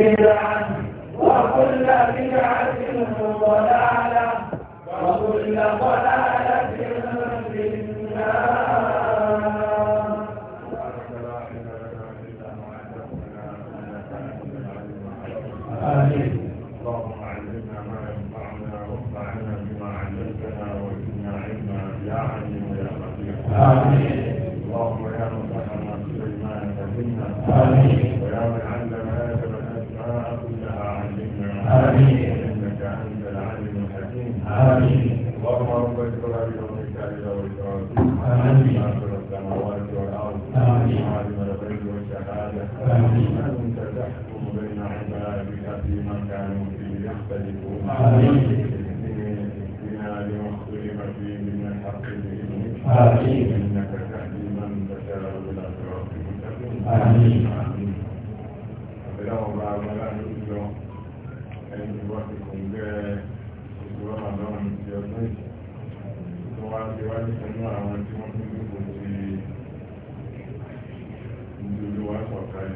وكل بدعة ضلالة وكل ضلالة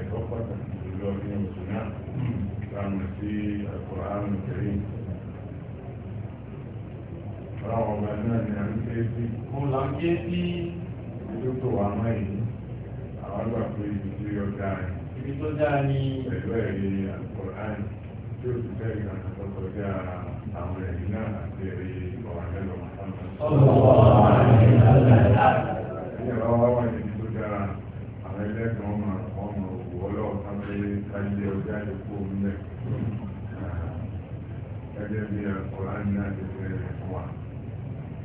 ẹ̀kọ́ pàtàkì jùlọ ní oṣù náà láàmì sí Al-Qur'an Karim ọ̀rọ̀ ọ̀gá náà ni a ń sí òun là ń sí ètò tó wà mọ́ èyí àwọn àgbà pé ibi tí ó dáa ni ibi tó dáa ni pẹ̀lú ẹ̀rí Al-Qur'an tí ó ti fẹ́ ìgbàna tó kọjá àwọn ẹ̀rí náà àti ẹ̀rí ọ̀rọ̀ mẹ́lọ̀ ọ̀sán. Ìyẹn bá wá wá ibi tó dáa àwọn ìbàjẹ́ ọjà lè kó omi lẹ̀ gẹ́gẹ́ bí ọ̀rá ní àdébẹ̀ wa.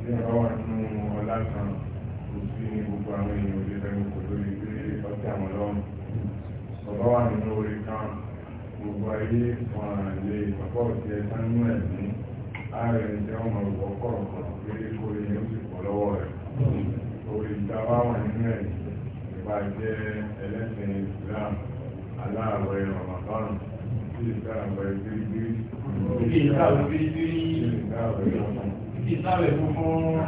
Ní ọ̀rọ̀ wà nínú ọlá kan, kò sí ní gbogbo àwọn èèyàn òde lẹ́nu kò lórí pé ọjà àwọn lọ́rùn. Ọ̀rọ̀ wà nínú orí kan, gbogbo ayé wọn lè pọ̀pọ̀ jẹ sánú ẹ̀mí. Ààrẹ ìjẹ́ ọmọ ìwọ̀ kọ̀ọ̀kan pé orí yẹn ti pọ̀ lọ́wọ́ rẹ̀. Orí ìta wà wà nínú ẹ̀mí. Ìbàjẹ́ ẹlẹ́sìn Ìsìlámù aláàwẹ̀ ọ̀màbárùn tí ìdáàwẹ̀ gírígírí tí ìdáàwẹ̀ gírígírí tí ìdáàwẹ̀ ọ̀mà tí ìdáàwẹ̀ funfun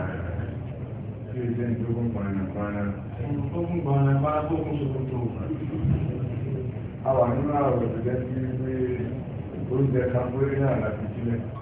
tí ìdẹ́ ìdógún gbanagbana ìdógún gbanagbana tó kún ṣòkòtò àwọn nínú àwẹ̀ tó jẹ́ sí pé oúnjẹ kan péré náà láti sílẹ̀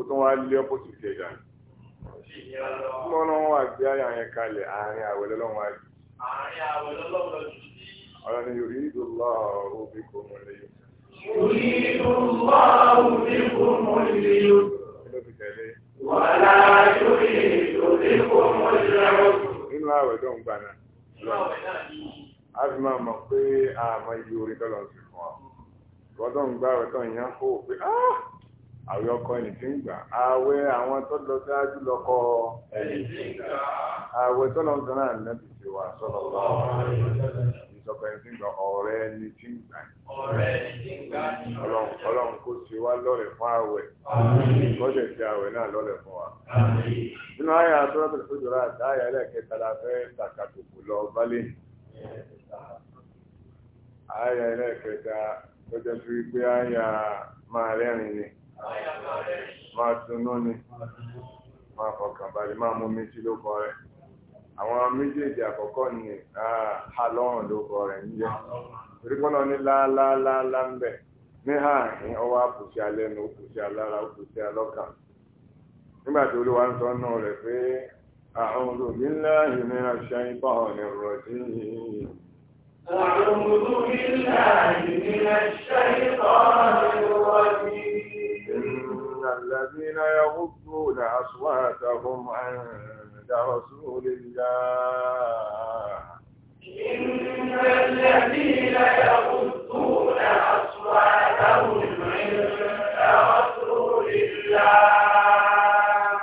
ó tún wá lé ọ́pọ̀tì sí ẹ̀dá ni. mo ní wọn wá gbé àyà yẹn kalẹ̀ àárín àwẹ̀ lọ́lọ́run wá jù. àárín àwẹ̀ lọ́lọ́run lọ jù sí. ọ̀rọ̀ ni yorì ìdò lọ òbí kò mọ ilé yóò. ìdò lọ òbí kò mọ ilé wàlá yorì ìdò lè kò mọ ilé nínú àwẹ̀ tó ń gbà náà. nínú àwẹ̀ náà ni. a fi máa mọ̀ pé àmọ́ iye orin tó lọ sí fún wa. ìwọ́n tó ń gbà àwẹ̀ ọkọ ẹni tí ń gbà àwẹ̀ àwọn tó lọ sáájú lọ́kọ ẹni tí ń gbà àwẹ̀ tó lọ sọ náà nẹ́bí ti wà sọ́lọ́ lọ ìsọkọ ẹni tí ń gbà ọ̀rẹ́ ẹni tí ń gbà ọlọ́run kó ṣe wá lọ́rẹ̀ fún àwẹ̀ kọ́jẹ̀ ti àwẹ̀ náà lọ́rẹ̀ fún wa. nínú àyà àtúrọ́bìnrin tó jọra àti àyà ẹlẹ́kẹta la fẹ́ tàkàtòkò lọ bálé àyà ẹlẹ́kẹta tó jẹ́ sí pé àyà máa rẹ́rìn ni. máa tunú ni máa fọkàn balẹ̀ máa mú mi sí lókọ rẹ̀ àwọn méjèèjì àkọ́kọ́ ni ha lọ́rùn ní ń bẹ̀ ní ha ní ọwọ́ àpòsí alẹ́nu òpòsí alára òpòsí nígbà tí olúwa ń sọ náà rẹ̀ pé الذين يغضون أصواتهم عند رسول الله إن الذين يغضون أصواتهم عند رسول الله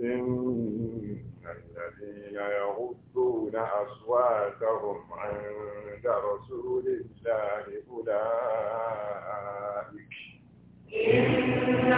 إن الذين يغضون أصواتهم عند رسول الله أولئك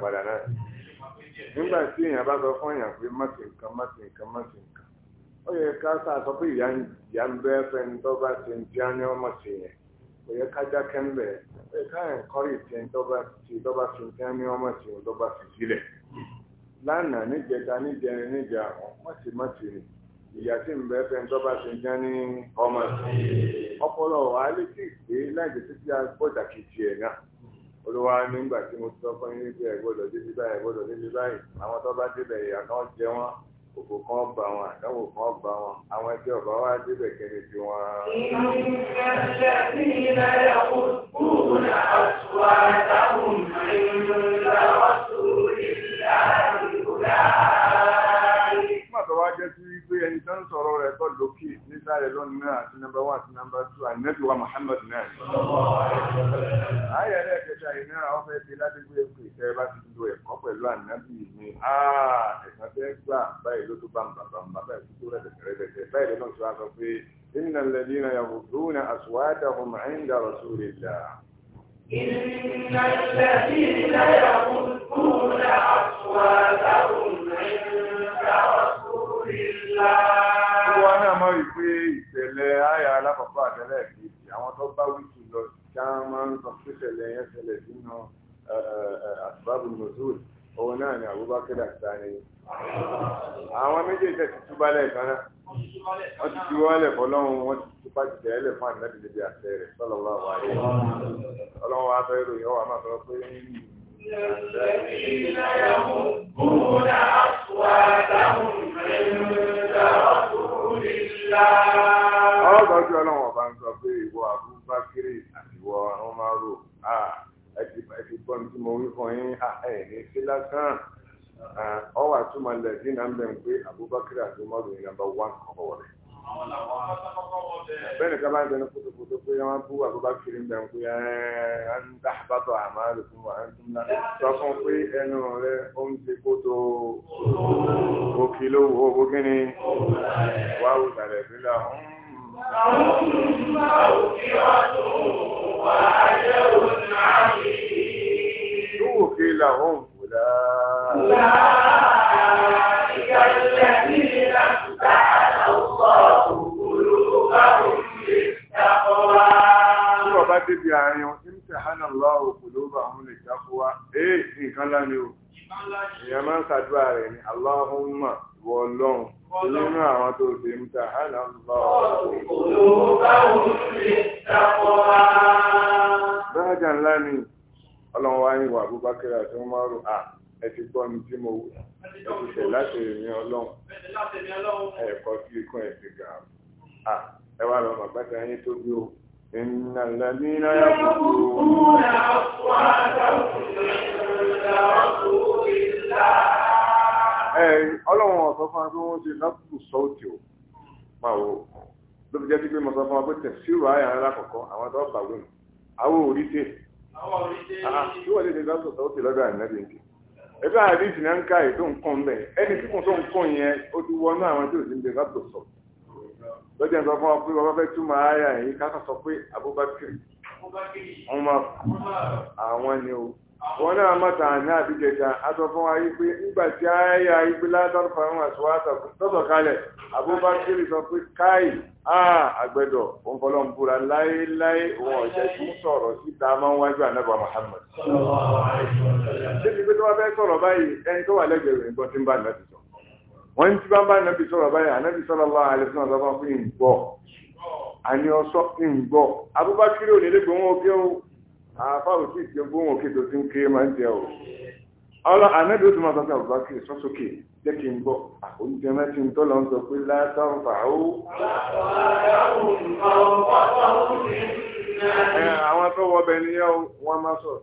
padà náà nígbà tí èèyàn bá sọ fún èèyàn pé má nǹkan má nǹkan nǹkan ó yẹ ká sọ pé ìyá ìyá ń bẹ fẹni tó bá ṣe ń jẹ́ ní ọmọ ṣe yẹn kò yẹ ká dákẹ́ ń bẹ̀ ó yẹ ká tó bá tó bá ń ní ọmọ yẹn tó bá fi sílẹ̀ lánàá níjẹta níjẹrin níjà olúwa nígbà tí mo sọ fún yín pé ẹgbọ́dọ̀ débi báyìí ẹgbọ́dọ̀ débi báyìí àwọn tó bá débẹ̀ ìyà jẹ wọn òkú kan bá wọn àdánwò kan bá wọn àwọn ẹgbẹ́ ọba wa débẹ̀ kẹne ti wọn. ìrìnàṣẹ́ sí ilẹ̀ ẹ̀kọ́ kúrò àtúwà dáhùn ìrìnàṣẹ́ ọ̀tún ìlà ìkúlá. nígbà tó wá jẹ́ ẹni tó ń sọ̀rọ̀ rẹ̀ tó lókè nígbà rẹ̀ lónìí náà àti nọ́mbà one àti nọ́mbà two àti nẹ́tíwá Muhammad náà. عند رسول الله إن الذين يغضون أصواتهم عند رسول الله wọ́n náà mọ̀ wípé ìṣẹ̀lẹ̀ ayà alákọ̀ọ́kọ́ àtẹ́lẹ̀ kejì àwọn tó bá wíjù lọ já máa ń sọ pé ṣẹlẹ̀ yẹn ṣẹlẹ̀ sínú àtìbábù nùzúl òun náà ni àbúbákẹ́dà ta ni àwọn méjèèjì ti túbálẹ̀ kan náà wọ́n ti túbálẹ̀ fọlọ́run wọ́n ti bá jìjà ẹlẹ fún ànábì níbi àṣẹ rẹ̀ sọlọ wà wà rẹ Ọlọ́run wa fẹ́ ròyìn ọwọ́ àmọ́ sọ pé. ọlọ́dọ̀ tí ọlọ́run ọba ń sọ pé ìwọ àbúbákírì àti ìwọ ọmọrò ẹ ti gbọ́n tí mo wí fún yín ẹ ní sí lásán ọwọ́ àtúmọ̀ lẹ̀ sí náà ń bẹ̀ ń pé àbúbákírì àti ọmọrò yìí nàbà wà ń kọ́ wọlé bẹ́ẹ̀ni ká bá ń bẹnu fótófótó pé wọ́n bú àbúbá kiri ń bẹ̀rù pé ẹ ń dá àbátọ̀ àmà rẹ̀ fún wa ń dúnlá sọ fún pé ẹnu rẹ̀ ó ń ti kótó òkè lówó owó gíní wà ó tàrẹ̀ nílà ń. àwọn olùdíjọ́ òkè ọdún wà á jẹ́ òun náà rí. lówó kí làwọn ò wò dáa. àárín wọn tí ń tẹ̀ hánà lọ́wọ́ kò ló bá àwọn lè jáfó wá ee nǹkan láni o èèyàn máa ń ṣàdúrà rẹ̀ ní aláhùnmá ìwọ ọlọ́run nínú àwọn tó ṣe ń tẹ̀ hánà lọ́wọ́ kò ló bá àwọn lè jáfó wá. bẹ́ẹ̀jà ńlá ni ọlọ́run tó bí o. إن الذين يقولون أصواتهم عند رسول الله ọlọ́run ọ̀sán fún akẹ́ wọ́n ṣe lọ́pù sọ́ọ̀tì ò máa wò ló fi jẹ́ sí pé mo sọ fún wa pé tẹ̀síwò ayà ńlá kọ̀ọ̀kan àwọn tó bà wí nù àwọn òrí tè tí wọ́n lè ṣe lọ́pù sọ́ọ̀tì lọ́dọ̀ àìnáde nìkè ẹgbẹ́ àdéhùn náà ń ká ètò nǹkan bẹ́ẹ̀ ẹni tí kò tó nǹkan yẹn ó ti wọnú àwọn tí ò sí ń bẹ lọ́pù sọ́ọ̀tì lọ́jọ́ nǹkan fún wa pé wọ́n fẹ́ túmọ̀ àyà yìí ká sọ pé Abubakar ọmọ àwọn ni o wọn náà mọ̀tà àná àbíjẹta aṣọ fún wa yìí pé nígbà tí àyà yìí pé látọ̀ fàrún àṣọwá tọ̀tọ̀ kalẹ̀ Abubakar sọ pé káì á àgbẹ̀dọ̀ òǹkọ̀lọ́ ń búra láéláé wọn ọ̀jẹ̀ tó ń sọ̀rọ̀ síta máa ń wájú ànábà Muhammad. débi pé tó wá fẹ́ sọ̀rọ̀ báyìí ẹni tó wà lẹ́gbẹ̀ẹ́ rẹ̀ ń gbọ́ tí ń bá ìlàjì sọ wọ́n ti bá bá nàbì sọ̀rọ̀ báyìí ànábì sallallahu alaihi wasallam bá fún ìgbọ́ àní ọ̀sọ́ ìgbọ́ abúbákírí òní lè gbóhùn òkè o àáfà òsì ìtì gbóhùn òkè tó ti ń kéré máa ń jẹ o ọlọ ànábì ó ti máa sọ́kè abúbákírí sọ́sókè jẹ́ kí n gbọ́ àkóńtì ẹ̀mẹ́ ti ń tọ́ lọ sọ pé látàǹfà ó. àwọn tó wọ bẹ níyàwó wọn máa sọ̀rọ̀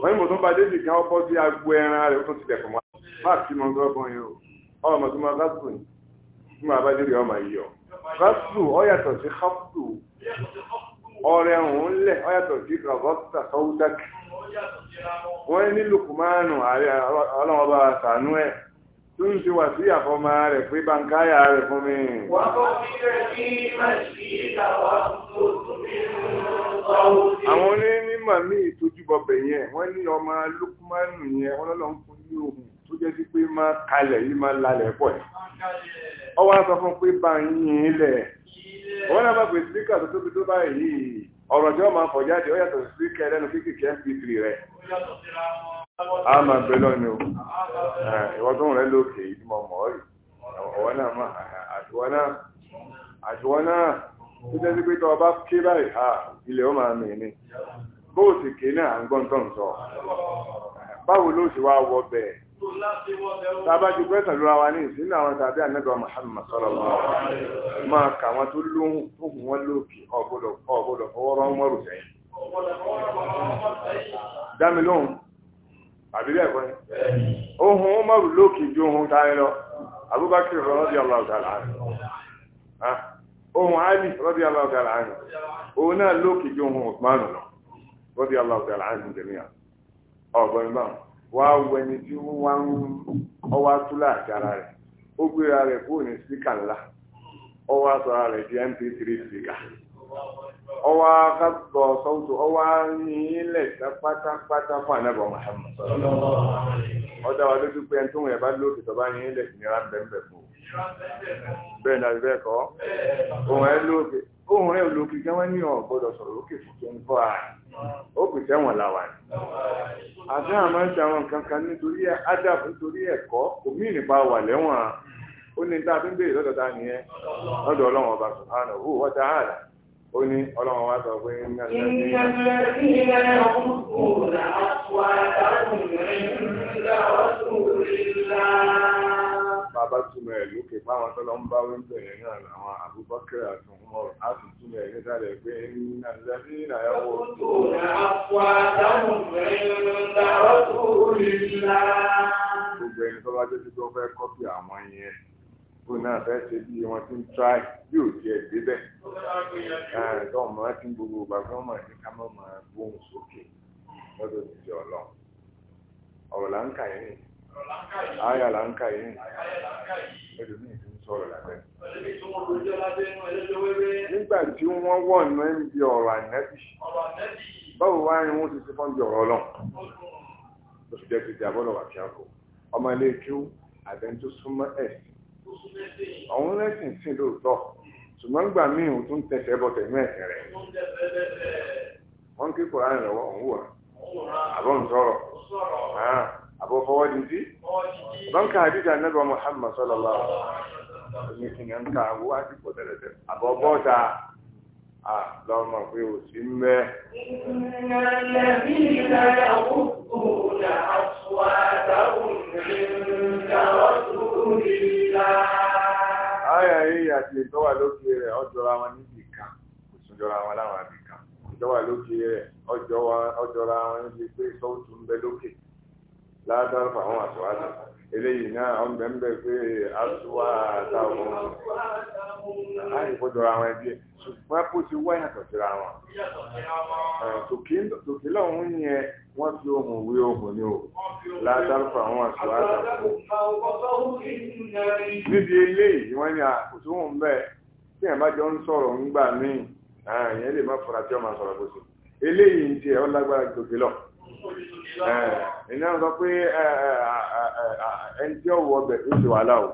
wọ́n ní mo tún bá débi kan ọkọ̀ sí agbo ẹran rẹ̀ ó ti dẹ̀kọ̀ mọ́ má fi mọ́ gbọ́gbọ́n yìí o ọmọ tó máa gásù ní tí mo bá ọmọ yìí ọ gásù ọ yàtọ̀ sí hapù ọrẹ ọ̀hún lẹ̀ ọ yàtọ̀ sí gàgọ́tà sọ́wúdàkì wọ́n ní lukumanu ààrẹ ọlọ́wọ́ bá sànú ẹ̀ tó ń ti wà sí àfọmọ rẹ̀ pé bànkáyà rẹ̀ fún mi. wàá bọ́ sí ẹ̀ kí má ṣe é àwọn onímọ̀ ní ìtójúbọbẹ̀ yẹn wọ́n ní ọmọ lukumanu yẹn wọ́n lọ́lọ́ ń fún ní ohun tó jẹ́ sí pé máa kalẹ̀ yìí máa lalẹ̀ pọ̀ ẹ̀ ọwọ́ á sọ fún pé bá ń yìn ín lẹ̀ wọ́n náà bá pè síkà tó tóbi tó báyìí ọ̀rọ̀ tí wọ́n máa fọ̀ jáde ó yàtọ̀ sí kẹrẹ́nu kéékèèké mp3 rẹ̀ a máa bẹ lọ́ni o ìwọ́n tó ń rẹ lókè ìdí mọ̀ mọ́ rí ọ̀wọ́ náà àtiwọ́ náà àtiwọ́ náà tó jẹ́ sí pé tọ́ ọba ké báyìí ha ilẹ̀ ó máa mìí ni bó o sì ké náà à ń gbọ́n tó ń sọ báwo ló sì wá wọ bẹ́ẹ̀ tábàjú pẹ́sàn lóra wa ní ìsìn náà wọn tàbí ànágbà Muhammad sallallahu alaihi wasallam máa kà wọn tó lóhùn tó hùn wọn lókè ọ̀gbọ́dọ̀ fọwọ́ rán mọ́rù sẹ́yìn dámi lóhùn àbí bẹ́ẹ̀ kọ́ ni ohun mọ́rù lókè ju ohun táyé lọ Abubakar radiyallahu ta'ala anhu ah. ohun ali rọ́bí aláwọ̀dára àánú òun náà lókè ju ohun Usman lọ rọ́bí aláwọ̀dára àánú jẹ̀míà ọ̀gbọ̀n náà wá wẹni tí wọ́n wá ń ọwá túlà àti rẹ̀ ó gbéra rẹ̀ kúrò ní spíkà ńlá ọwá sọra rẹ̀ di mp3 sọ́wọ́tò pátápátá fún ọjà wa lójú pé ẹni tó bẹ́ẹ̀ náà bẹ́ẹ̀ kọ́ ohun ẹ lókè ohun ẹ lókè kí wọ́n ní ọ̀ gbọ́dọ̀ sọ̀rọ̀ lókè fún twenty four hours ó kù sẹ́wọ̀n làwà ní. àti àmọ́ ń sàwọn kankan nítorí ádàbò nítorí ẹ̀kọ́ kò mí nípa wà lẹ́wọ̀n ó ní tá a fi ń béèrè lọ́dọ̀ nìyẹn lọ́dọ̀ ọlọ́run ọba subhanahu wa ta'ala ó ní ọlọ́run wa sọ pé. ìyẹnlẹ̀ ìyẹn ọkùnrin kò rà wá àtàkùn bá bá túmọ̀ ẹ̀ lókè fáwọn tọ́lọ́ ń bá wíńdò yẹn náà làwọn Abubakar àti Umar á sì túmọ̀ ẹ̀ nísàlẹ̀ pé nàìjíríà ìnáyàwó. tó náà fọ́ àdáhùn mẹ́rin dáwọ́ tó rí la. gbogbo ẹni tó bá jẹ́ títí wọ́n fẹ́ kọ́pì àwọn yẹn kó náà fẹ́ ṣe bí wọ́n ti ń try bí ò tiẹ̀ débẹ̀. tó ọmọ ti ń gbogbo gbàgbọ́ ní ká mọ̀ máa gbóhùn sókè lọ́dọ̀ Ayà là ń kà yìí. Ẹlòmíì tó ń sọ̀rọ̀ lábẹ́. Nígbà tí wọ́n wọ̀ ní ẹ̀ ọ̀rọ̀ ànẹ́bì. Báwo wá ni wọ́n ti ṣe fọ́n bí ọ̀rọ̀ ọlọ́run? Lọ́sù jẹ́ ti di abọ́dọ̀ wà kí Ọmọ ilé kí ó àbẹ́ntó súnmọ́ ẹ̀. Àwọn lẹ́sìn sí lóòótọ́ ṣùgbọ́n gbà míì ò tún tẹsẹ̀ bọ̀ tẹ̀mí ẹ̀sẹ̀ rẹ̀. wọ́n kí kòrán lọ́wọ́ òun wà àbọ̀ ń abu fawadisi banka hadisi annabi muhammad sallallahu alaihi wasallam ka abu ati ko dere dere abu bota a lo ma pe o si nbe innal ladina yaquluna aswatahum wọn níbi kan kò wọn láwọn àbí kan tó wà lókè wọn níbi pé sọ́ọ̀tún bẹ látàrí fún àwọn àtúwádà eléyìí náà ọ̀n bẹ́ẹ̀ bẹ́ẹ̀ pé àtúwá àtàwọn láì gbọ́dọ̀ àwọn ẹbí ẹ̀ ṣùgbọ́n kó ti wá ìyàtọ̀ síra wọn. tòkí lọ́hún yẹn wọ́n fi ohun wí ohun ni o látàrí fún àwọn àtúwádà. níbi eléyìí wọ́n ní àkóso òun bẹ́ẹ̀ tí ẹ̀ bá jọ ń sọ̀rọ̀ ńgbà míì ẹ̀yìn lè má fura tí ọ eléyìí ń tiẹ̀ ọ lágbára gòkè lọ na sọ pé ẹni tí ó wọ ọbẹ̀ tó ṣe wàhálà o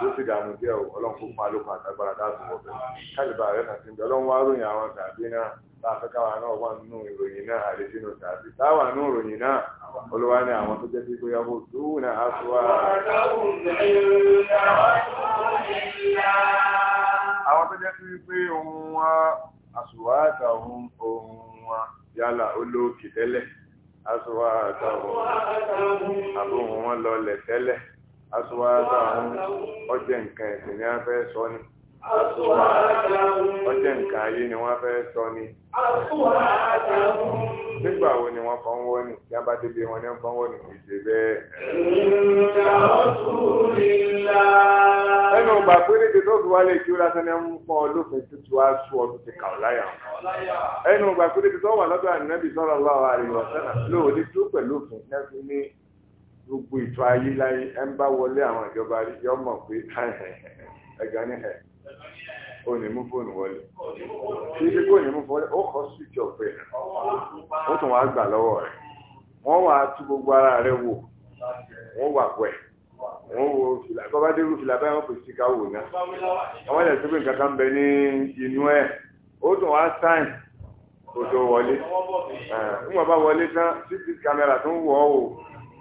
tó ti dààmú díẹ̀ o ọlọ́run kó fún alókun dáàbò ọbẹ̀ kálíbà rẹ̀ kàtí ń bẹ ọlọ́run wá ròyìn àwọn tàbí náà bá a fẹ́ káwa náà wà nínú ìròyìn náà àlejò náà tàbí nínú ìròyìn náà olúwa àwọn tó jẹ́ sí pé tó wù náà yálà olóòkè tẹ́lẹ̀ aṣọwá àtàwọn àbóhùn wọn lọlẹ̀ tẹ́lẹ̀ aṣọwá àtàwọn ọjẹ́ nǹkan ẹ̀sìn ni wọ́n fẹ́ sọ ni aṣọwá àtàwọn ọjẹ́ nǹkan ayé ni wọ́n fẹ́ sọ ni aṣọwá àtàwọn. nígbà wo ni wọ́n fọ́n wọ́n ní tí a bá débi wọn ní fọ́n wọ́n ní kì í ṣe bẹ́ẹ̀. ẹnu ọgbà péréte tó fi wálé kí ó lásán ní ń pọn olófin tútù wá sú ọdún ti kà láyà ẹnu ọgbà péréte tó wà lọ́dọ̀ ànábì sọ̀rọ̀ lọ́wọ́ àríwọ̀ sẹ́nà lóòdì tó pẹ̀lú òfin nẹ́fún ní gbogbo ètò ayé láyé ẹ ń bá wọlé àwọn ìjọba yọmọ pé ẹgbẹ́ ní o ní mú fóònù wọlé kí ṣe ní mú fóònù ó kọ́ switch off ó tún wá gbà lọ́wọ́ rẹ̀ wọ́n wá tú gbogbo ara rẹ̀ wò wọ́n wà wẹ̀ wọ́n wo fìlà bàbá dérú fìlà ká wò náà àwọn ilẹ̀ tó gbé nǹkan kan bẹ ní inú ẹ̀ ó tún wá sáìn kó tó wọlé ń wọ́n bá wọlé tán títí kámẹ́rà tó ń wọ̀ ọ́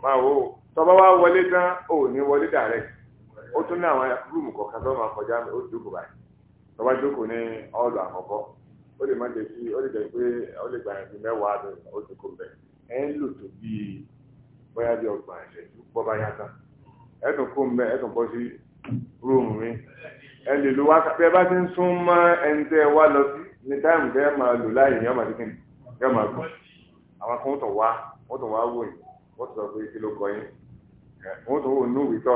máa wò ó tọba wa wọlé tán ò ní wọlé dàrẹ́ ó tún ní àwọn rúùmù kọ̀ọ̀kan tó máa kọjá ó dúró báyìí tọ́wá jókòó ní ọ́ọ̀lù àkọ́kọ́ ó lè má jẹ́ sí ó lè jẹ́ pé ó lè gba ẹ̀sìn mẹ́wàá ní oṣù kò bẹ̀ ẹ̀ ń lò tó bí bóyá bí ọgbà ìṣẹ́jú bọ́bá yàtọ̀ ẹ̀dùn kò mẹ́ ẹ̀dùn bọ́ sí rúùmù mi ẹ lè lo wákà bẹ́ẹ̀ bá ti ń sún mọ́ ẹni tẹ́ wá lọ sí ní táìmù bẹ́ẹ̀ máa lò láàyè ní ọmọ àdìgún yóò máa gbọ́ àwọn kan tó wá wọ́n tó wá wò yìí wọ́n tó sọ pé kí ló kọ yín wọ́n tó wò ní òwìtọ́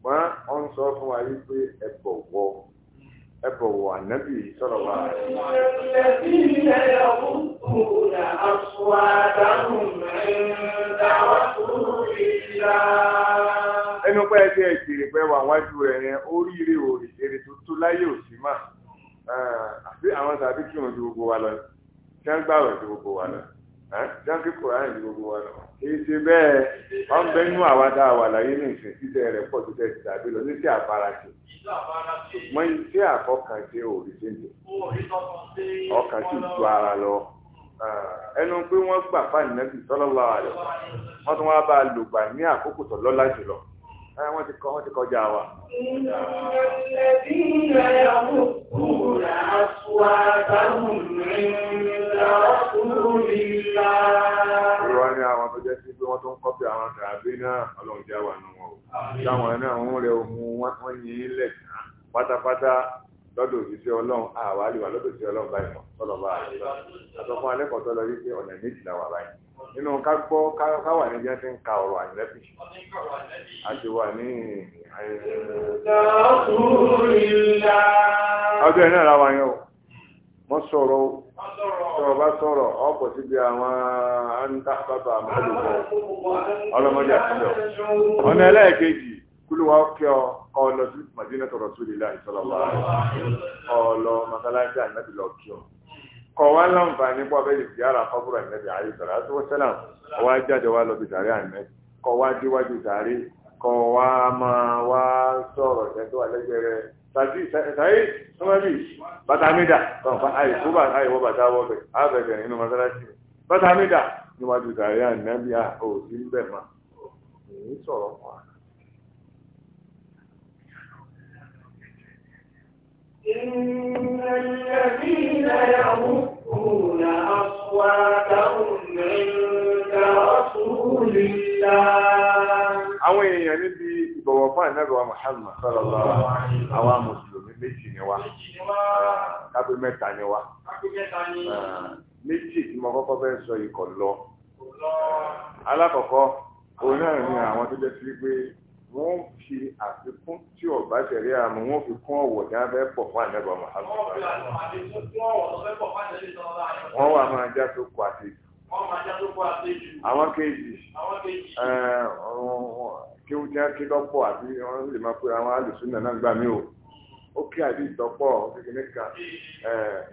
ṣùgbọ́n ọ ń sọ fún wa wípé ẹ bọ̀wọ̀ ẹ bọ̀wọ̀ ànábì sọ̀rọ̀ wa. ìrẹsì ilẹ̀ ọ̀hún kò dà aṣọ àdáhùn ẹ̀ńdà wá ìlà. ẹnu pẹ́ ẹgbẹ́ ìjèrè pẹ́ wà wájú rẹ̀ yẹn oríire ò ìjèrè láyé ò mà àbí àwọn tàbí kírun ju gbogbo wa lọ kí wọ́n gbàwẹ̀ ju gbogbo wa lọ jákè kòrán ní gbogbo wa lọ kìí ṣe bẹ́ẹ̀ wọ́n bẹ nú àwa tá a wà láyé ní ìsìn títẹ̀ rẹ̀ pọ̀ títẹ̀ ti tàbí lọ ní sí àfarasì ṣùgbọ́n iṣẹ́ àkọkànṣe òòrì ṣe ń tẹ̀ ọkàn sì ju ara lọ ẹnu pé wọ́n gbà fáìnà sí sọ́lọ́lá rẹ̀ wọ́n tún wá bá a lògbà ní àkókò tó jùlọ wọ́n ti kọ́ wọ́n ti kọjá wa. Ìrọ̀ ni àwọn tó jẹ́ sí pé wọ́n tó ń kọ́pì àwọn tàbí náà ọlọ́run já wà nù wọn o. Táwọn náà ń rẹ ohun wọ́n yìn ín lẹ̀ tán pátápátá lọ́dọ̀ òṣìṣẹ́ ọlọ́run àwa lè wà lọ́dọ̀ òṣìṣẹ́ ọlọ́run báyìí mọ̀ sọ́lọ́ bá a lè sọ. Àtọ́kùn alẹ́kọ̀ọ́ tó lọ yí pé ọ̀nà méjìlá wà báyìí. nínú ká gbọ́ ká wà ń ka ọ̀rọ̀ wà ní ọjọ́ iná ara yẹn o wọ́n sọ̀rọ̀ bá sọ̀rọ̀ àwọn àǹtà bàbà àmàlùkọ ọlọ́mọdé àtijọ́ ọ̀nà ẹlẹ́ẹ̀kejì kúlùwà kí ọ ọlọ́dún màdínà sórí ọwá láǹfààní pọ̀ bẹ́ẹ̀ ti ara kọ́bùrù ànẹ́bí ayé sọ̀rọ̀ àti wọ́n sẹ́lá ọwá jáde wá lọ bí sàárẹ̀ ànẹ́ kọ́ wá díwájú sàárẹ̀ kọ́ wá máa wá sọ̀rọ̀ ẹ̀tọ́ àlẹ́gbẹ̀rẹ̀ tàbí sàárẹ̀ sọ́mọ́bì bàtà mídà kọ̀ǹfà àìkú bàtà àìwọ́ bàtà wọ́bẹ̀ àbẹ̀bẹ̀ nínú mọ́sálásí bàtà mídà níwájú sàárẹ̀ ànẹ́bí à إن الذين يغضون أصواتهم عند رسول الله àwọn èèyàn níbi ìbọ̀wọ̀ fún àìnáàbíwá Muhammad sọ́lọ́lọ́ àwọn mùsùlùmí méjì ni wá kápẹ́ mẹ́ta ni wá méjì tí kọ́kọ́ sọ ikọ̀ lọ alákọ̀ọ́kọ́ òun náà àwọn tó jẹ́ sí pé wọ́n fi àfikún tí ọ̀bá tẹ̀lé àmọ́ wọ́n fi kún ọ̀wọ̀ ní abẹ́ pọ̀ fún àdẹ́bọ̀ Muhammad. wọ́n wà máa já tó kọ àti àwọn kejì kí wọ́n jẹ́ kí lọ́pọ̀ àti wọ́n lè máa pe àwọn alùsùn náà gbà mí o ó kí àbí ìtọ́pọ̀ kékeré kan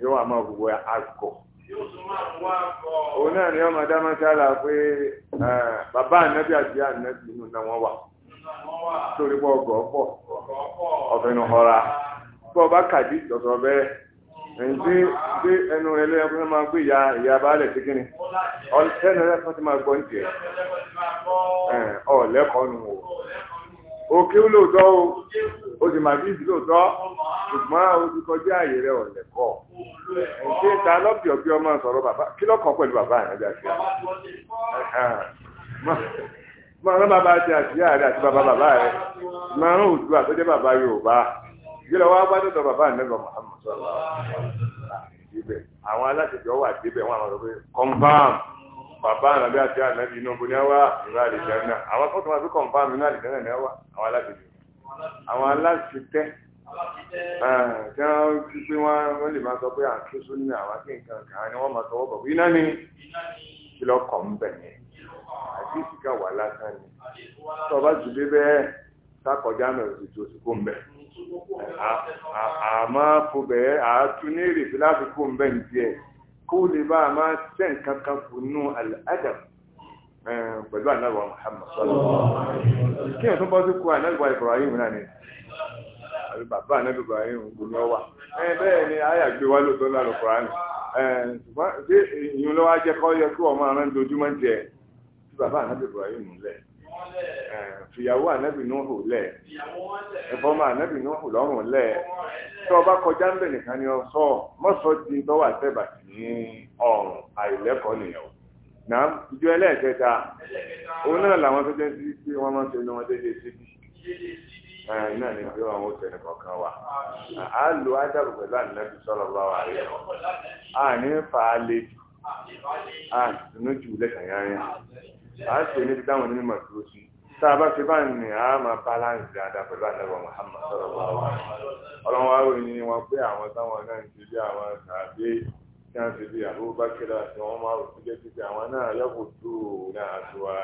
yóò wà máa wọ àgọ̀. òun náà ni ọmọdé amáṣálà pé bàbá ànábì àti ànábì inú náà wọ́n wà. torí pọ̀ ọgọ̀ ọ̀pọ̀ ọ̀fẹ́nu họra ọba kàdí ọ̀sọ̀ bẹ́ẹ̀ ẹ̀ǹtí tí ẹnu rẹ̀ lẹ́yìn ọkùnrin máa gbé ìyá ìyá baálẹ̀ sí fún máa gbọ́ nù wò ó lóòótọ́ o ó sì máa bí ìdí lóòótọ́ ṣùgbọ́n o ti kọjá àyè rẹ ọ̀lẹ̀ kọ́ ta ọmọ sọ̀rọ̀ bàbá kí lọ́kàn pẹ̀lú bàbá bí a máa rán bàbá àti àtìyá rẹ àti bàbá bàbá rẹ máa rán òdùà tó jẹ́ bàbá yorùbá gbé lọ wá bá dọ̀dọ̀ bàbá ànẹ́gbọ̀n Muhammad sọ̀rọ̀ ibẹ̀ àwọn aláṣẹ tí wọ́n wà débẹ̀ wọn àwọn ọ̀rọ̀ pé confam bàbá ànàbí àti ànàbí iná bóni wá ìlú àlejò náà àwọn fọ́tò wọn fi confam iná àlejò náà wá àwọn aláṣẹ tẹ àwọn aláṣẹ tẹ tí wọ́n ti pé wọ́n lè máa sọ pé àtúnṣe ní àwọn akéǹkan kan ni wọ́n máa sọ wọ́pọ̀ iná ni kí lọ́kọ̀ ń bẹ̀ yẹn àdìsí kan wà lásán ni tó bá jù dé bẹ́ẹ̀ sákọjá náà ti tó ti kó ń bẹ̀. àmọ́ fún bẹ́ẹ̀ àátú ní èrèfé láti kó ń bẹ̀ ní tiẹ̀ kó lè bá a máa tẹ̀ nǹkan kan fún nú àdàbò pẹ̀lú ànábì Muhammad sọ́lọ́. Kí ẹ̀sùn bọ́ sí kú ànábì Ibrahim náà ni, àbí bàbá ànábì Ibrahim kò ní ọwà. Bẹ́ẹ̀ ni àyà gbé wá lóòótọ́ lálọ́ Kùránì. Ṣùgbọ́n ṣé ìyún lọ́wọ́ á jẹ́ kọ́ yẹ kí ọmọ àrán dojúmọ́ jẹ bàbá ànábì Ibrahim lẹ̀ fìyàwó ànábì Nuhu lẹ̀ ẹ̀fọ́mọ ànábì Nuhu lọ́rùn lẹ̀ tí ọba kọjá ń bẹ̀ nìkan ni ọ sọ mọ́sọ́ di lọ́wọ́ àtẹ̀bà ní ọ̀rùn àìlẹ́kọ̀ọ́ nìyẹn o náà ìjọ ẹlẹ́ẹ̀kẹta òun náà làwọn tó jẹ́ sí pé wọ́n máa ń ṣe ní wọn déédéé síbi náà ni pé àwọn òṣèré kọ̀ọ̀kan wà á lo ádàbò pẹ̀lú ànábì sọ̀rọ̀ bá wà rí ẹ̀ àní fàálejò àtúnújù lẹ́kàn yáyá à á ṣe níbi táwọn onímọ̀ dúró sí tá a bá ṣe báyìí ni a máa balance dáadáa pẹ̀lú àtẹ̀wọ̀ Muhammad sọ̀rọ̀ wá wá ọlọ́run wá ròyìn ni wọ́n pé àwọn táwọn náà ń ṣe bí àwọn tàbí kí wọ́n ti bí Abubakar àti wọ́n máa rò sílẹ̀ títí àwọn náà yọ̀kù tó náà tó wá.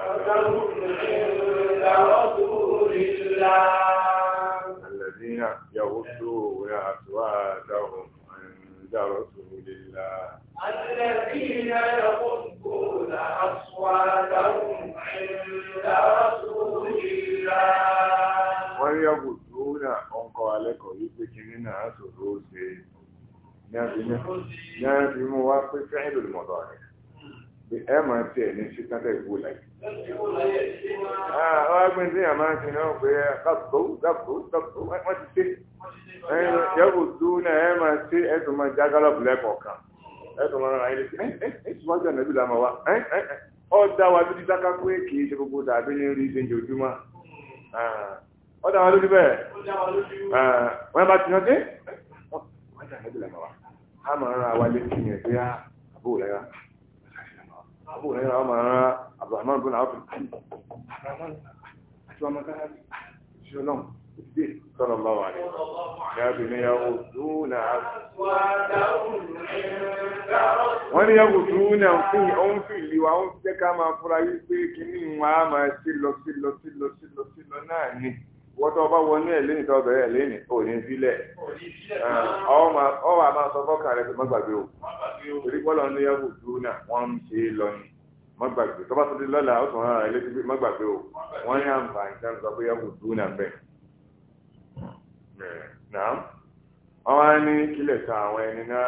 الذين يغضون أصواتهم عند رسول الله الذين يغضون أصواتهم عند رسول الله ويقولون أنقى عليك ويبكين على سروسهم náà fi mú wá pé fẹ́hìn lórí mọ̀tọ́ rẹ̀ bí ẹ máa ń tẹ̀ ní ṣíkátẹ́ ìwò láyé. àwọn ah, agbẹ́ ní àmà ti náà pé dàpọ̀ dàpọ̀ dàpọ̀ wọ́n ti ṣe. yẹ́wò tó náà ẹ máa ṣe ẹ̀sùn máa já gálọ̀pù lẹ́kọ̀ọ̀kan ẹ̀sùn máa ń ra ilé ẹ̀sùn máa ń jẹ́ nàbí làmà wa ọ dá wa lójú dáká pé kì í ṣe gbogbo tàbí ní rí ìdíje ojúmọ́ ọ dá wa lójú bẹ́ẹ̀ wọ́n bá ti hàn dé wọ́n jẹ́ nàbí làmà wa a máa ń ra wa létí yẹn pé àbúrò rẹ̀ àbúrò rẹ̀ wọ́n máa ń ra Abdulrahman bin Awf àti wọn máa ń ká ṣe ọlọ́run. صلى الله عليه وسلم يا بني يغضون wọ́n ní yàgùtù náà ń fi òun fi ìlú wa ń jẹ́ ká máa fura yí pé kíní wọn á máa sí lọ sí lọ sí lọ sí lọ sí lọ náà ni wọ́n tó bá wọnú ẹ̀ lẹ́yìn tó bẹ̀rẹ̀ lẹ́yìn òní sílẹ̀ ah, ọwọ́ àmà sọ fọ́kà rẹ̀ tó mọ́gbàgbé o torí pọ́lọ́ ní yàgùtù náà wọ́n ṣe lọ ni mọ́gbàgbé tó tó di lọ́la ó tún ẹ̀ létí Nàám. Àwọn ẹni kílẹ̀ ta àwọn ẹni náà.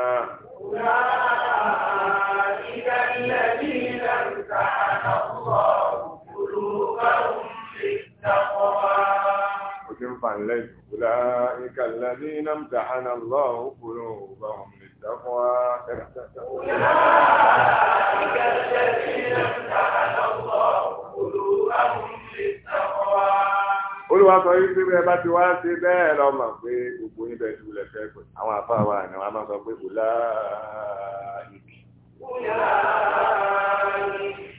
Ìgbà ilẹ̀ bí ìlànà àtàkùrọ̀ òkúrú bá òun lè dákọ̀ wá. Òjò ń fa ńlẹ̀ ìdòkúlá. Ìkàlẹ̀ ní Nàmdà Hánà lọ́ òkúrú bá òun lè dákọ̀ wá. Ìkàlẹ̀ ní Nàmdà Hánà lọ́ òkúrú bá òun lè dákọ̀ wá. wa sọ yìí pé bá ti wá sí bẹ́ẹ̀ lọ mọ̀ pé gbogbo níbẹ̀ tí wulẹ̀ fẹ́ pẹ̀ àwọn àfa wa ni wọ́n á máa sọ pé kò láàyè.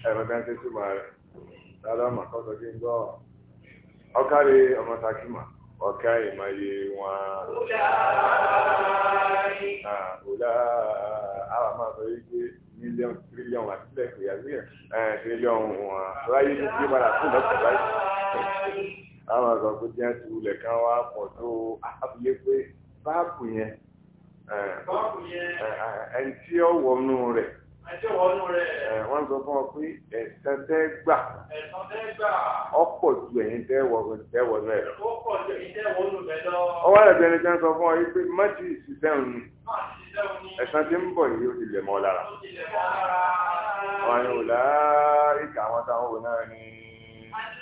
ẹ̀rọ bí wọ́n ti túmọ̀ rẹ̀ lálọ́mọ̀ kọ́ sọ kí n gbọ́ ọ̀kárí ọmọ takima ọ̀ká ìmọ̀ye wọn. ọ̀là àwọn máa sọ yìí pé mílíọ̀nù tírílíọ̀nù àti lẹ́kùn yàgbé ẹ̀ tírílíọ̀nù wọn. ráyé ní kí wọ́n padà fún lọ́sọ̀ọ́ báyìí àwọn àgbà kó jẹ́ ti wulẹ̀ kan wá pọ̀ tó àbúlé pé báàpù yẹn ẹni tí ó wọnú rẹ̀ wọ́n sọ fún ọ pé ẹ̀sán tẹ́ gbà ọ̀pọ̀ ju ẹ̀yin tẹ́ wọnú ẹ̀ lọ. ọwọ́ ẹ̀bí ẹni tí wọ́n sọ fún ọ yìí pé má ti ṣiṣẹ́ òun ni ẹ̀sán tí ń bọ̀ yìí ó ti lẹ̀ mọ́ lára. wọ́n ní ọ̀la ìkà àwọn táwọn wò náà ni.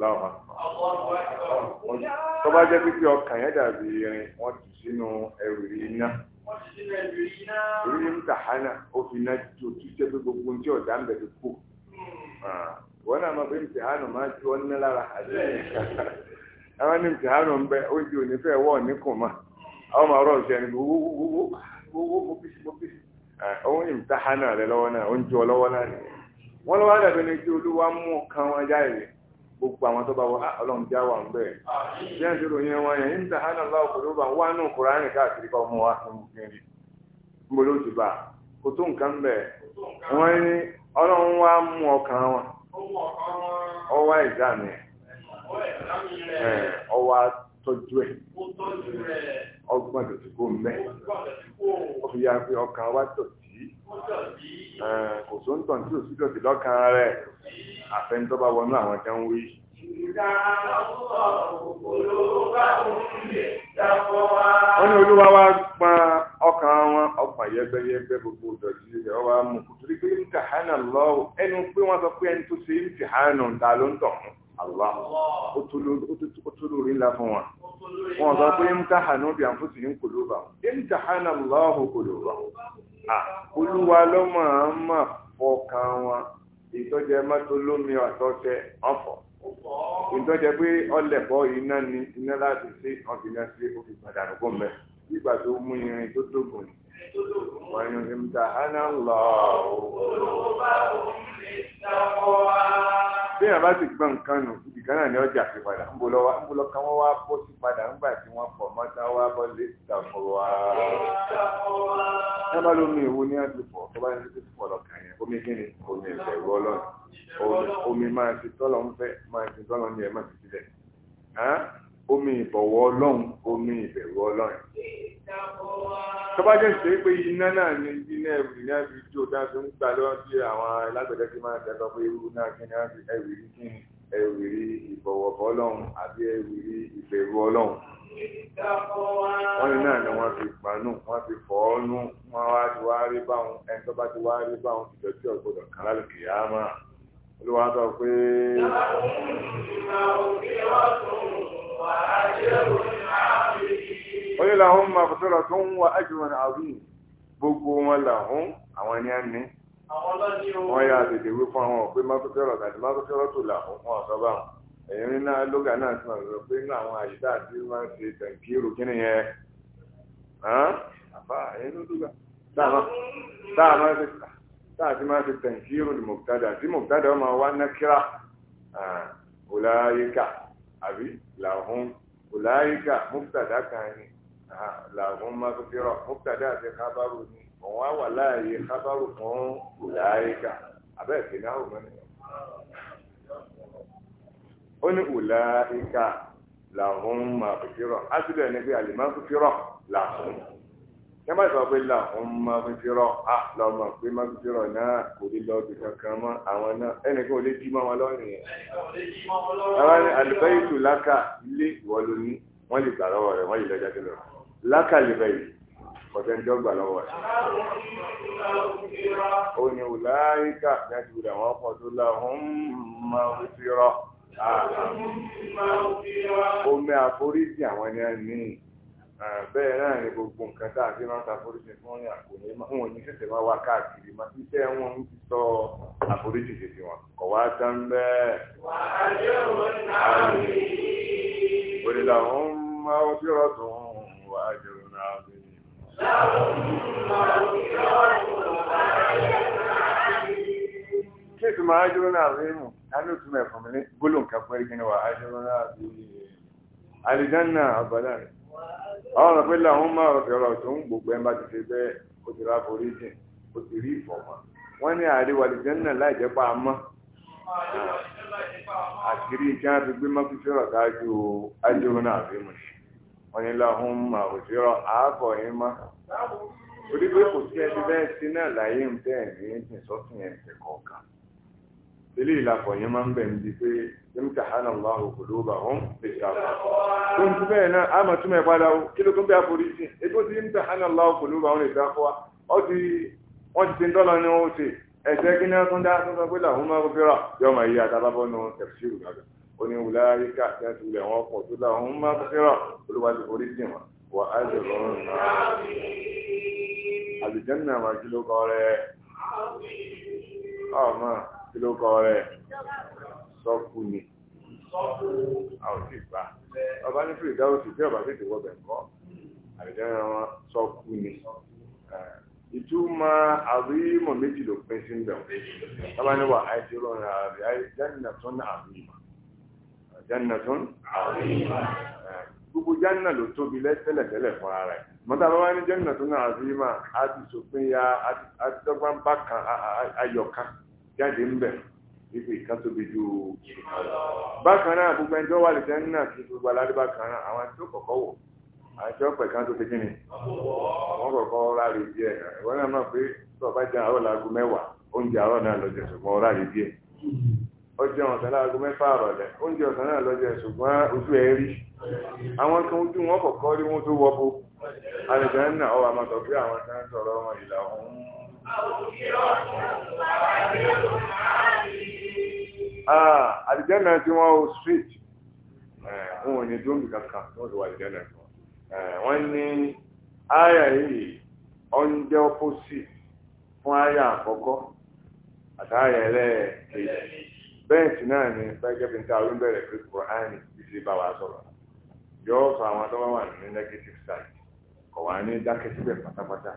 ọlọ́wọ́ tó bá jẹ́ pípé ọkàn yẹn dàbí irin wọ́n ti sínú ẹrù iná orí ń tàhánà ó fi iná ju ojú tẹ́ pé gbogbo ohun tí ọ̀dà ń bẹ̀rẹ̀ kú hmm. ah, wọ́n náà máa fi ń tàhánà máa ju ọ́ ní lára àti àwọn ní tàhánà ń bẹ ó di òní fẹ́ wọ́ọ̀ ní kùn mọ́ àwọn máa rọ̀ ṣẹ́ni wúwúwúwú mo bí mo òun ní tàhánà rẹ lọ́wọ́ náà ó ń ju ọ lọ́wọ́ náà nìyẹn wọ́n lọ́wọ́ dàbí ni gbogbo àwọn tó bá wọ ọlọ́run já wà ń bẹ̀. bí ẹ̀sìn wọn yẹn ń wà nù káàkiri ọmọ wa fún bolo ti bá tó nǹkan ní mú ọkàn wọn ọwọ́ ẹ̀dá mi ọwọ́ tọ́jú ẹ̀ ọgbọ́n tó ti kó mẹ́ ó fi yára pé ọkàn àfẹ́ńtọ́ bá wọnú àwọn tẹ́ wí. ó ní olúwa pa ọkàn wọn ọgbà yẹgbẹyẹgbẹ gbogbo ìdọ̀tí rẹ̀ ọwọ́ mú kùtùrí pé ń kàhánà lọ ẹnu pé wọ́n sọ pé ẹni tó ṣe ń ta ló ń ó tó lórí ńlá fún sọ pé ń bí ń ń lọ́hùn ìtọ́jẹ mọ́tò lómi ọ̀tọ́tẹ ọ̀fọ̀ ìtọ́jẹ pé ọlẹ̀bọ iná ni iná láti ṣe ọ̀gbìnà sí òfin padà nùgbọ́n mẹ́ nígbà tó mú irin tó tóògùn ni. وإن امتحن الله قلوبهم للتقوى bí yàrá ti gbọ́ nǹkan nù ìgbà náà ni ọjà fi padà ń bolọ́ wá ń bolọ́ kan wọ́n wá bó sí padà ńgbà tí wọ́n pọ̀ mọ́tà wá bọ́ lé ìtàkùrọ̀ wá. sábà lómi ìwo ní àdìpọ̀ tó bá yẹn ti pọ̀ lọ́kàn yẹn omi kí ni omi ìbẹ̀rù ọlọ́run omi máa ti tọ́lọ̀ ń fẹ́ máa ti tọ́lọ̀ ń yẹ máa ti sílẹ̀ omi ìbọ̀wọ̀ ọlọ́run omi ìbẹ̀rù ọlọ́run. tó bá jẹ́ ṣe pé iná náà ni iná ẹ̀rù iná fi jó dáa tó ń gbà lọ́wọ́ sí àwọn alágbẹ̀dẹ tí máa ń tẹ́tọ́ pé irú náà kí ni wọ́n ẹ̀rù rí kí ni ẹ̀rù ìbọ̀wọ̀ ọlọ́run àbí ẹ̀rù ìbẹ̀rù ọlọ́run. wọ́n ní náà ni wọ́n fi gbanú wọ́n fi fọ́ọ́nú wọ́n wá ti wá rí báwọn ẹni tó bá ti wá rí báwọn ìdọ̀tí olúwa sọ pé. ó ní làwọn máa fọ́tọ́rọ̀ tó ń wá ajúwọ̀n àwìn gbogbo wọn làwọn àwọn ẹni ẹni. wọ́n yà tètè wí fún àwọn òpin mọ́tòtòrọ̀ àti mọ́tòtòrọ̀ tó làwọn wọn sọ báwọn. èyí ní náà lóga náà ti máa sọ pé nínú àwọn àyíká àti máa ṣe tẹ̀ǹkìrù kí ni yẹn. àbá èyí ló dúgà. táà máa ń ṣe láti máa fi tẹ̀síìrù ní mọ̀tádà tí mọ̀tádà ọmọ wa ná kíra ọ̀làyíkà àbí làhún ọ̀làyíkà mọ̀tádà kan ni làhún máa fi rọ mọ̀tádà àti kábàrù ni òun á wà láàyè kábàrù fún ọ̀làyíkà abẹ́ẹ̀kì náà ò mọ́ni. ó ní ọ̀làyíkà làhún máa fi rọ á ti bẹ̀rẹ̀ ní pé àlè máa fi rọ làhún ẹ má sọ pé làwọn máa fi fi rọ à lọmọ pé má fi fi rọ náà kò lè lọ bí kankan mọ àwọn náà ẹnìkan ò lè jí mọ wọn lọrùn yẹn. àwọn àlùfẹ́ ètò lákà ilé ìwọ ló ní wọ́n lè gbà lọ́wọ́ rẹ̀ wọ́n lè lọ́jà tó lọ lákà lè bẹ̀ yìí kọ̀tẹ́ ní ọgbà lọ́wọ́ rẹ̀. ó ní wùláyíkà ní àti wùdà wọn pọ̀ tó làwọn máa fi fi rọ. ó mẹ́ àforíjì bẹ́ẹ̀ náà ni gbogbo nǹkan tá a fi máa ń ta àforíjì fún ní àkòní wọn ní ṣẹ̀ṣẹ̀ máa wá káàkiri máa ti tẹ́ wọn ń ti sọ àforíjì tètè wọn kọ̀ wá tán bẹ́ẹ̀. wà á yẹ wọn náà mi. òní làwọn máa ń fi rọ̀tún wà á yẹ wọn náà mi. láwọn máa ń fi rọ̀tún wà á náà mi. kí ìtumọ̀ ájúrò náà rí mu ló túmọ̀ ẹ̀fọ́ mi ní gbólóǹkà fún ẹ̀rí ni wà á náà mi. àwọn ọ̀pẹ́ làwọn máa ọ̀rọ̀ tó ń gbogbo ẹ̀ bá ti ṣe bẹ́ẹ̀ ó ti ra ó ti rí ìfọ̀mọ́ wọ́n ní àríwá láì jẹ́ pa kí wọ́n fi gbé náà fi mú ni wọ́n ní lọ́hún máa kò sí rọ yín mọ́ orí pé kò sí ẹni ilé ìlàpọ̀ yẹn máa ń bẹ̀ níbi pé yamtahana Allahu qulubahum ìṣàkó tó ń tún bẹ́ẹ̀ náà a máa túmọ̀ ìpadà o kí ló tún bẹ́ẹ̀ forí sí ebi ó ti yamtahana Allahu qulubahum ìṣàkó wa wọ́n ti ti ń tọ́lọ ní wọ́n ṣe ẹ̀sẹ̀ kí náà tún dá tó sọ pé làwọn máa fi rà yọ ọmọ yìí àtàlábọ́ nu tẹ̀síù gàgà ó ní wùláríkà tẹ́tulẹ̀ kí ló kọ rẹ̀ sọ́kù ni àwọn sì gbà ọba ní fìdí dáwọ́ sí tí ọba sì ti wọ́bẹ̀ kọ́ àrídára wọn sọ́kù ni ìtumọ̀ àríyìnmọ̀ méjì ló pín sí ńbẹ̀ ọba ní wà àìsí rọrùn àrí àìjánìyàn àríyìnmọ̀ jannatun gbogbo janna ló tóbi tẹ́lẹ̀tẹ́lẹ̀ fún ara ẹ̀ mọ́tà bá wá ní jannatun azima a ti sòpin ya a ti dọ́gbọ́n bá kan ayọ̀kan jáde ń bẹ̀ ibi ìkan tóbi ju ìkan lọ. bákan náà gbogbo ẹni tó wà lè jẹun náà kí gbogbo aládé bákan náà àwọn tí ó kọ́kọ́ wọ̀ àwọn tí ó pẹ̀ kan tó fi kíni. wọ́n kọ́kọ́ ráre díẹ̀ ìwọ náà mọ̀ pé tó o bá jẹun àárọ̀ láago mẹ́wàá oúnjẹ àárọ̀ náà lọ jẹ ṣùgbọ́n ráre díẹ̀. ó jẹun ọ̀sán láago mẹ́fà àrọ̀lẹ́ oúnjẹ ọ̀sán náà lọ jẹ ṣùgbọ́n ojú ẹ̀ rí. àwọn kan ojú wọn kọ̀ọ̀kọ́ rí wọn tó wọ Ah, àdìjẹ́nà tí wọ́n ó street eh, wọn ò ní kankan wọ́n ti wà àdìjẹ́nà eh, wọ́n ní àyà yìí fún àyà àkọ́kọ́ àtàyà náà ni pẹ́ẹ́kẹ́ ń ta orí bẹ̀rẹ̀ pé kùránì ti ti bá wa sọ̀rọ̀ yọ sọ àwọn tó wà ní negative side kọ̀ ní pátápátá.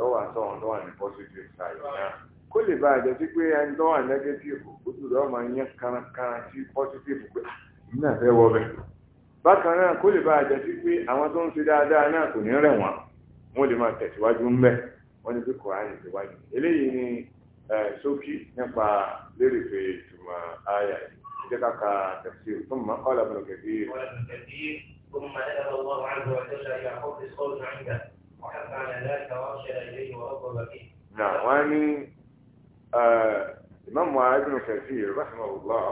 lọ́wọ́ àtọ́wọn tó wà ní positive side náà kó lè bá àjọ sí pé ẹni tó wà negative ojú rẹ̀ ọmọ yẹn kankan sí positive pé ah, nígbà fẹ́ wọ bẹ́ẹ̀. bákan náà kó lè bá àjọ sí pé àwọn tó ń ṣe dáadáa náà kò ní rẹ̀ wọ́n wọ́n lè máa tẹ̀síwájú ń bẹ̀ wọ́n ní pé kò ráyè síwájú. eléyìí ni ṣókí nípa lérè pé ìtumọ̀ ayà yìí jẹ́ káka tẹ̀sí fún mọ́ kọ́lá kẹ̀kẹ́ نعم واني ìmáàmù arábìnrin kẹsì ìrọ̀bàṣẹ́mọ̀ ọ̀gbọ́n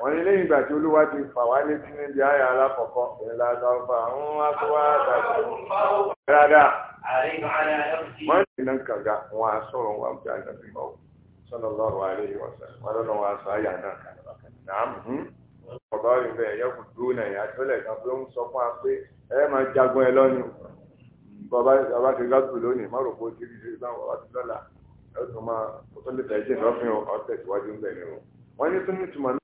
wọn ní lẹ́yìn ìgbà tí olúwa ti fà wá létí níbi àyà alákọ̀ọ́kọ́ ìrìnlá àtàwọn àwọn akọ́wà àtàkùn dáadáa wọ́n ní iná kàga wọn á sọ̀rọ̀ wọn àbújá àjàbí mọ́ sọ́nà lọ́rọ̀ alẹ́ yìí wọ́sẹ̀ wọn lọ́nà wọn aṣọ àyà náà kàlàkàlà ọ̀gá ọ̀rìn bẹ́ẹ̀ yẹ bàbá bàbá ti gàdùn lónìí má rò pé ó ti rí ṣe báwọn bàbá ti lọ́la ẹ tún máa ọtún lè tẹ̀sí ìdọ́fin ọ̀tẹ̀ síwájú ń bẹ̀ ni o wọ́n ní tún ní tùmọ̀ náà.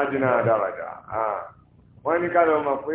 Adina daraja. Wọ́n ní ká lọ mọ̀ pé.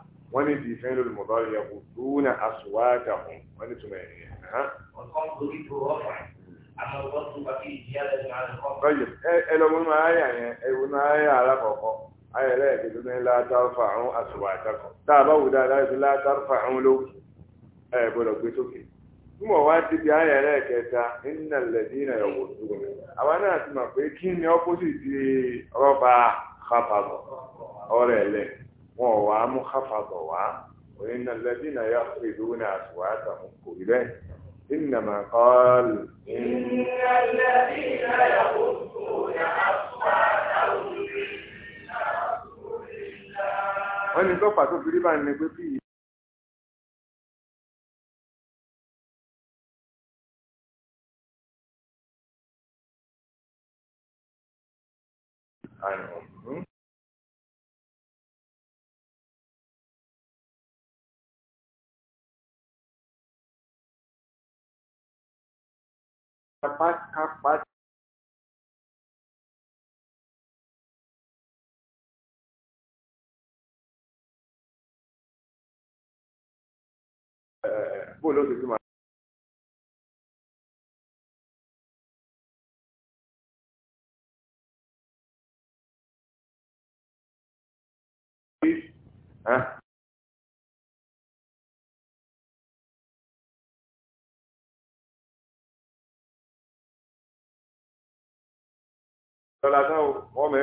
wọ́n ní bíi fẹ́ẹ́ lórí mọ̀bá yẹ kó dúnà àsùwádà hùn wọ́n ní túmọ̀ ẹ̀yẹ. Bẹ́ẹ̀ni ẹ lọ wọnú ayà yẹn ẹ wọnú ayà alákọ̀ọ́kọ́ ayà ẹlẹ́yẹ̀kẹ́ tó ní látàrúfà àwọn àsùwádà kan tá a bá wù dáadáa sí látàrúfà àwọn lówù ẹ wá ti di ayà ẹlẹ́yẹ̀kẹta nínú ẹ̀lẹ́dínà ẹ̀wọ̀ dúró. Àwa náà ti mọ̀ pé kí ni ọ́pọ́sì ti rọ́bà kápá ọ̀rẹ́ ẹlẹ́yìn wọn ò wá mú káfàbọ̀ wá òyìn náà lẹ́dín náà yọ ìlú náà sì wá tàwọn kò rí bẹ́ẹ̀ إنما قال إن الذين يغضون أصواتهم wọ́n ní tọ́pàá tó fi rí bá ní pé bíi àrùn capaz bolhoso de uma Ah. 本来呢，我们，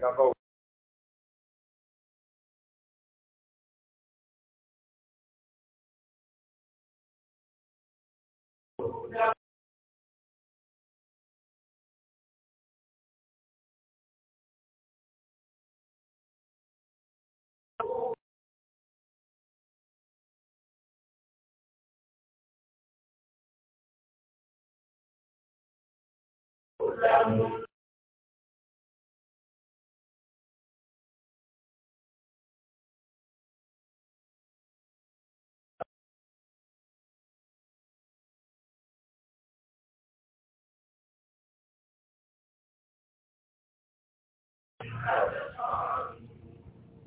然后。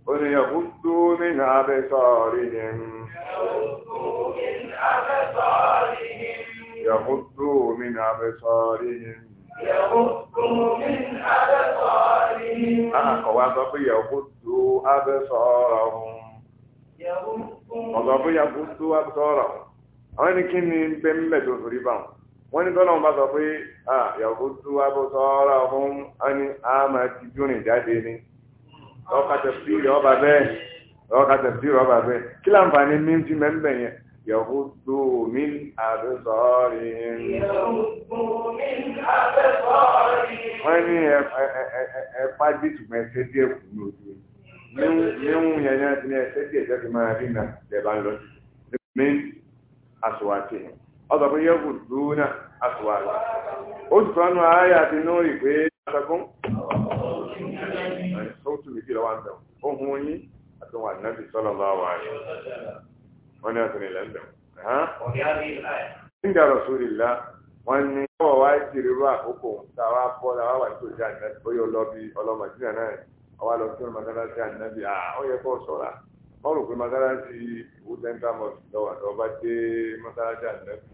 قل يغضوا من أبصارهم يغضوا من أبصارهم Àkọ̀wá sọ pé yẹ̀wò tó abẹ́ sọ̀rọ̀ ọ̀hún. Ọ̀sọ̀ pé yẹ̀wò tó abẹ́ sọ̀rọ̀ ọ̀hún. Àwọn ẹni kí ni bẹ́ ń bẹ̀ tó torí bá wọn? Wọ́n ní tọ́lọ́mù bá sọ pé yẹ̀wò tó abẹ́ sọ̀rọ̀ ọ̀hún. A ní a máa ti jórin jáde ni. Ọkà tẹ̀síìrì ọba bẹ́ẹ̀. Ọkà tẹ̀síìrì ọba bẹ́ẹ̀. Kí láǹfààní ní ti mẹ́ ń يغضوا من أبصارهم يغضوا من أبصارهم wọ́n ní ọ̀sìn ilẹ̀ ń bẹ̀rù. Nígbà Rọ̀súlì lá, wọ́n ní ọ̀wọ̀ wá jìrìrú àkókò tá a wá bọ́ la wá wà ní tòjú àná ó yọ lọ bí ọlọ́mọ jìnnà náà ọwá lọ sí mọ́sálásí ànábì à ó yẹ kó sọ̀ra. Wọ́n rò pé mọ́sálásí ìwú central mosque lọ́wọ́ àti ọba dé mọ́sálásí ànábì.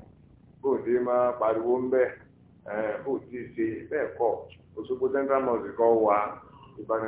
Bó dé máa pariwo ń bẹ̀, bó ti ṣe bẹ́ẹ̀ kọ̀, Òṣogbo central mosque kọ́ wa ìbánisọ̀.